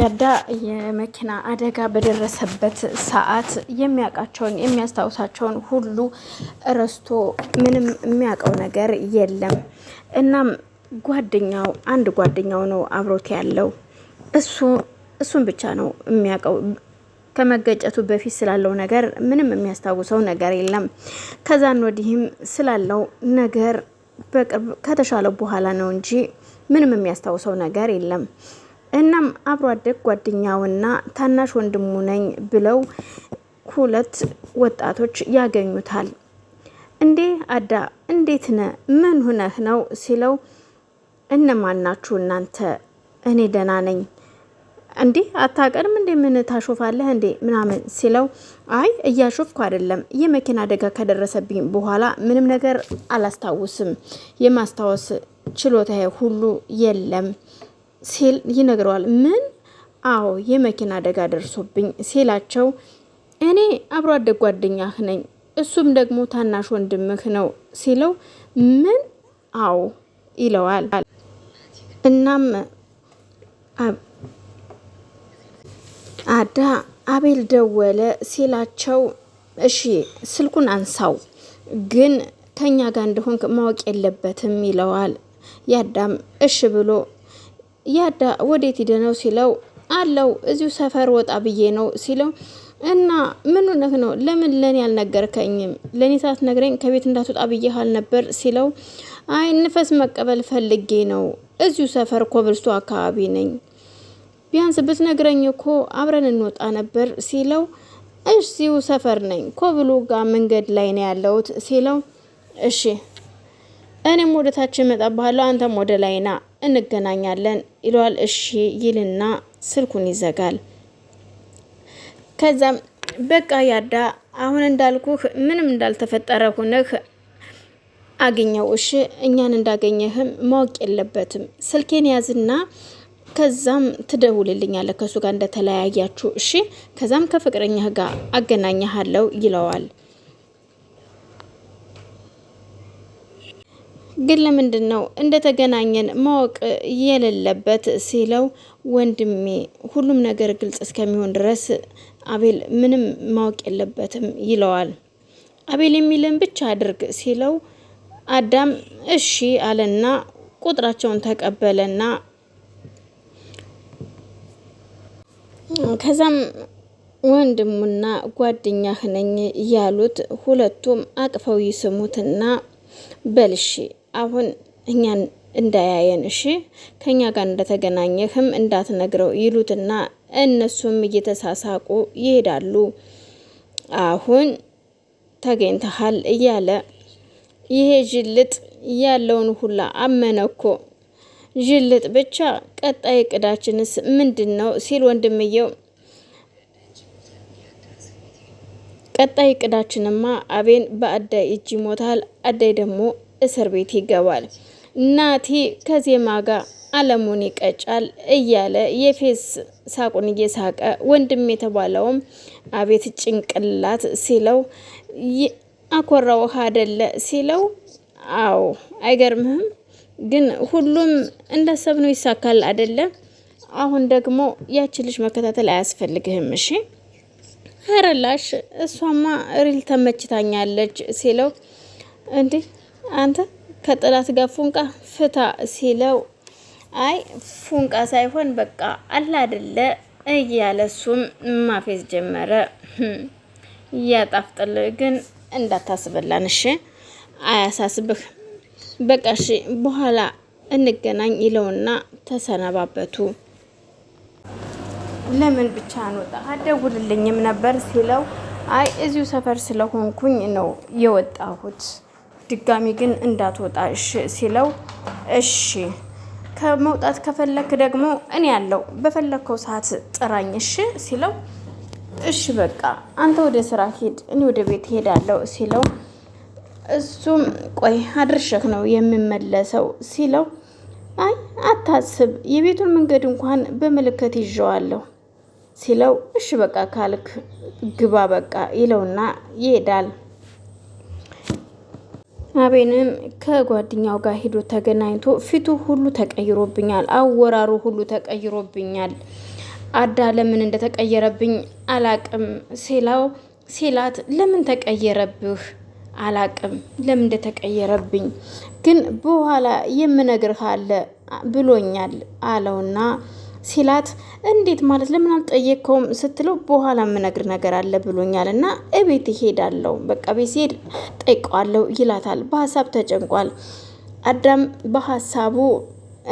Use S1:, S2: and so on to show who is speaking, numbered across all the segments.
S1: ያዳ የመኪና አደጋ በደረሰበት ሰዓት የሚያውቃቸውን የሚያስታውሳቸውን ሁሉ ረስቶ ምንም የሚያውቀው ነገር የለም። እናም ጓደኛው አንድ ጓደኛው ነው አብሮት ያለው እሱ እሱን ብቻ ነው የሚያውቀው። ከመገጨቱ በፊት ስላለው ነገር ምንም የሚያስታውሰው ነገር የለም። ከዛን ወዲህም ስላለው ነገር በቅርብ ከተሻለው በኋላ ነው እንጂ ምንም የሚያስታውሰው ነገር የለም። እናም አብሮ አደግ ጓደኛውና ታናሽ ወንድሙ ነኝ ብለው ሁለት ወጣቶች ያገኙታል። እንዴ አዳ እንዴት ነ ምን ሁነህ ነው ሲለው እነማን ናችሁ እናንተ? እኔ ደህና ነኝ። እንዴ አታቀድም እንዴ ምን ታሾፋለህ እንዴ ምናምን ሲለው አይ እያሾፍኩ አይደለም፣ የመኪና አደጋ ከደረሰብኝ በኋላ ምንም ነገር አላስታውስም፣ የማስታወስ ችሎታ ሁሉ የለም ሲል ይነግረዋል። ምን? አዎ የመኪና አደጋ ደርሶብኝ ሲላቸው እኔ አብሮ አደግ ጓደኛህ ነኝ፣ እሱም ደግሞ ታናሽ ወንድምህ ነው ሲለው ምን? አዎ ይለዋል። እናም አዳ አቤል ደወለ ሲላቸው እሺ ስልኩን አንሳው፣ ግን ከኛ ጋር እንደሆንክ ማወቅ የለበትም ይለዋል። ያዳም እሺ ብሎ ያዳ ወዴት ሂደ ነው ሲለው አለው እዚሁ ሰፈር ወጣ ብዬ ነው ሲለው እና ምን ሆነህ ነው? ለምን ለኔ አልነገርከኝም? ለኔ ሳትነግረኝ ከቤት እንዳትወጣ ብዬህ ነበር ሲለው አይ ንፈስ መቀበል ፈልጌ ነው። እዚሁ ሰፈር ኮብልስቶ አካባቢ ነኝ። ቢያንስ ብትነግረኝ እኮ አብረን እንወጣ ነበር ሲለው እዚሁ ሰፈር ነኝ፣ ኮብሉ ጋር መንገድ ላይ ነው ያለሁት ሲለው እሺ እኔም ወደ ታች እመጣብሃለሁ፣ አንተም ወደ ላይና እንገናኛለን ይለዋል። እሺ ይልና ስልኩን ይዘጋል። ከዛም በቃ ያዳ አሁን እንዳልኩህ ምንም እንዳልተፈጠረ ሁነህ አገኘው። እሺ እኛን እንዳገኘህም ማወቅ የለበትም። ስልኬን ያዝና ከዛም ትደውልልኛለህ ከሱ ጋር እንደተለያያችሁ። እሺ ከዛም ከፍቅረኛህ ጋር አገናኘሃለው ይለዋል። ግን ለምንድን ነው እንደተገናኘን ማወቅ የሌለበት ሲለው ወንድሜ ሁሉም ነገር ግልጽ እስከሚሆን ድረስ አቤል ምንም ማወቅ የለበትም ይለዋል። አቤል የሚልን ብቻ አድርግ ሲለው አዳም እሺ አለና ቁጥራቸውን ተቀበለና ከዛም ወንድሙና ጓደኛህ ነኝ ያሉት ሁለቱም አቅፈው ይስሙትና በልሺ አሁን እኛን እንዳያየን እሺ፣ ከኛ ጋር እንደተገናኘህም እንዳትነግረው ይሉትና እነሱም እየተሳሳቁ ይሄዳሉ። አሁን ተገኝተሃል እያለ ይሄ ጅልጥ ያለውን ሁላ አመነኮ። ጅልጥ ብቻ ቀጣይ እቅዳችንስ ምንድን ነው ሲል ወንድምየው ቀጣይ እቅዳችንማ አቤን በአዳይ እጅ ይሞታል። አዳይ ደግሞ እስር ቤት ይገባል። ናቲ ከዜማ ጋር አለሙን ይቀጫል እያለ የፌስ ሳቁን እየሳቀ ወንድም የተባለውም አቤት ጭንቅላት ሲለው አኮራ ውሃ አደለ ሲለው፣ አዎ አይገርምህም? ግን ሁሉም እንዳሰብነው ይሳካል አደለ? አሁን ደግሞ ያቺ ልጅ መከታተል አያስፈልግህም እሺ። ረላሽ እሷማ ሪል ተመችታኛለች ሲለው እንዲህ አንተ ከጠላት ጋር ፉንቃ ፍታ ሲለው አይ ፉንቃ ሳይሆን በቃ አላደለ እያለ እሱም ማፌዝ ጀመረ። እያጣፍጥል ግን እንዳታስበላን እሺ፣ አያሳስብህ በቃ እሺ፣ በኋላ እንገናኝ ይለውና ተሰነባበቱ። ለምን ብቻ አንወጣ አደውልልኝም ነበር ሲለው አይ እዚሁ ሰፈር ስለሆንኩኝ ነው የወጣሁት ድጋሚ ግን እንዳትወጣ እሺ ሲለው እሺ ከመውጣት ከፈለክ ደግሞ እኔ ያለው በፈለግከው ሰዓት ጥራኝ እሺ ሲለው እሺ በቃ አንተ ወደ ስራ ሄድ፣ እኔ ወደ ቤት ሄዳለሁ ሲለው እሱም ቆይ አድርሸክ ነው የምመለሰው ሲለው አይ አታስብ፣ የቤቱን መንገድ እንኳን በምልክት ይዣዋለሁ ሲለው እሺ በቃ ካልክ ግባ በቃ ይለውና ይሄዳል። አቤንም ከጓደኛው ጋር ሂዶ ተገናኝቶ ፊቱ ሁሉ ተቀይሮብኛል፣ አወራሩ ሁሉ ተቀይሮብኛል፣ አዳ ለምን እንደተቀየረብኝ አላቅም ሴላው ሲላት ለምን ተቀየረብህ? አላቅም ለምን እንደተቀየረብኝ ግን በኋላ የምነግርህ አለ ብሎኛል አለውና ሲላት እንዴት ማለት ለምን አልጠየቅከውም ስትለው በኋላ የምነግር ነገር አለ ብሎኛል እና እቤት ይሄዳለው በቃ ቤት ሲሄድ ጠይቀዋለሁ ይላታል። በሀሳብ ተጨንቋል። አዳም በሀሳቡ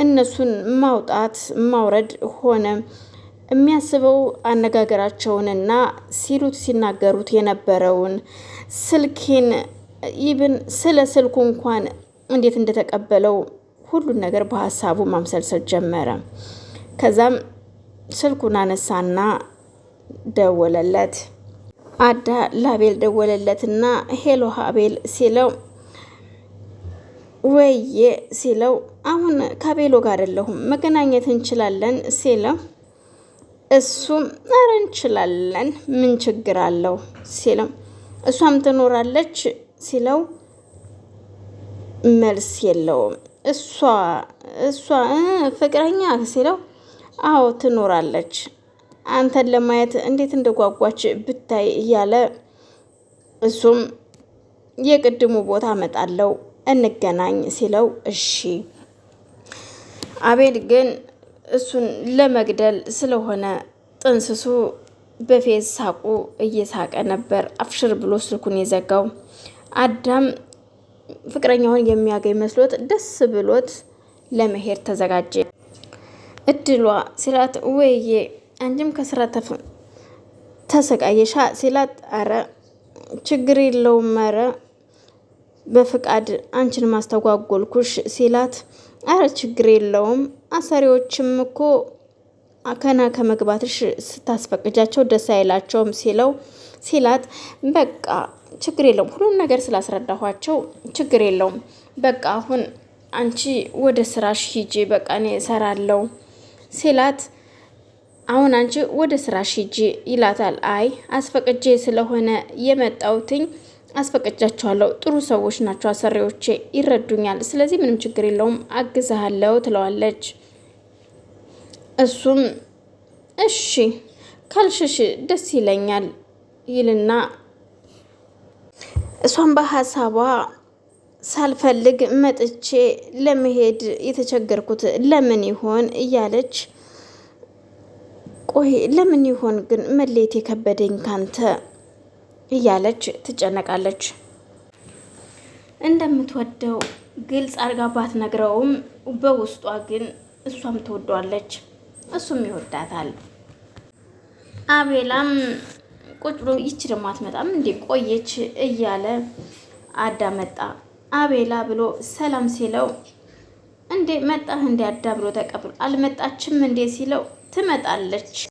S1: እነሱን ማውጣት ማውረድ ሆነ የሚያስበው አነጋገራቸውንና ሲሉት ሲናገሩት የነበረውን ስልኬን ይብን ስለ ስልኩ እንኳን እንዴት እንደተቀበለው ሁሉን ነገር በሀሳቡ ማምሰልሰል ጀመረ። ከዛም ስልኩን አነሳና ደወለለት። አዳ ለአቤል ደወለለትና ሄሎ ሀቤል ሲለው ወይዬ ሲለው አሁን ከቤሎ ጋር አይደለሁም መገናኘት እንችላለን ሲለው እሱም ኧረ እንችላለን ምን ችግር አለው ሲለው እሷም ትኖራለች ሲለው መልስ የለውም። እሷ እሷ ፍቅረኛ ሲለው አዎ ትኖራለች፣ አንተን ለማየት እንዴት እንደጓጓች ብታይ እያለ እሱም የቅድሙ ቦታ እመጣለሁ እንገናኝ ሲለው እሺ። አቤል ግን እሱን ለመግደል ስለሆነ ጥንስሱ በፌዝ ሳቁ እየሳቀ ነበር። አፍሽር ብሎ ስልኩን የዘጋው አዳም ፍቅረኛውን የሚያገኝ መስሎት ደስ ብሎት ለመሄድ ተዘጋጀ። እድሏ ሲላት ወይዬ አንቺም ከስራ ተሰቃየሻ ሲላት አረ ችግር የለውም አረ በፍቃድ አንቺን ማስተጓጎልኩሽ ሲላት አረ ችግር የለውም አሰሪዎችም እኮ ከና ከመግባትሽ ስታስፈቅጃቸው ደስ አይላቸውም ሲለው ሲላት በቃ ችግር የለውም ሁሉን ነገር ስላስረዳኋቸው ችግር የለውም በቃ አሁን አንቺ ወደ ስራሽ ሂጂ በቃ እኔ እሰራለሁ ሲላት አሁን አንቺ ወደ ስራሽ ሂጂ ይላታል። አይ አስፈቅጄ ስለሆነ የመጣውትኝ አስፈቅጃቸዋለሁ። ጥሩ ሰዎች ናቸው አሰሪዎቼ፣ ይረዱኛል። ስለዚህ ምንም ችግር የለውም አግዛሃለሁ ትለዋለች። እሱም እሺ ካልሽሽ ደስ ይለኛል ይልና እሷም በሀሳቧ ሳልፈልግ መጥቼ ለመሄድ የተቸገርኩት ለምን ይሆን እያለች ቆይ ለምን ይሆን ግን መለየት የከበደኝ ካንተ እያለች ትጨነቃለች። እንደምትወደው ግልጽ አድርጋ ባትነግረውም በውስጧ ግን እሷም ትወዷለች፣ እሱም ይወዳታል። አቤላም ቁጭ ብሎ ይች ደግሞ አትመጣም እንዴ ቆየች እያለ አዳመጣ። አቤላ ብሎ ሰላም ሲለው እንዴ መጣህ እንዴ ብሎ ተቀብሎ አልመጣችም እንዴ ሲለው ትመጣለች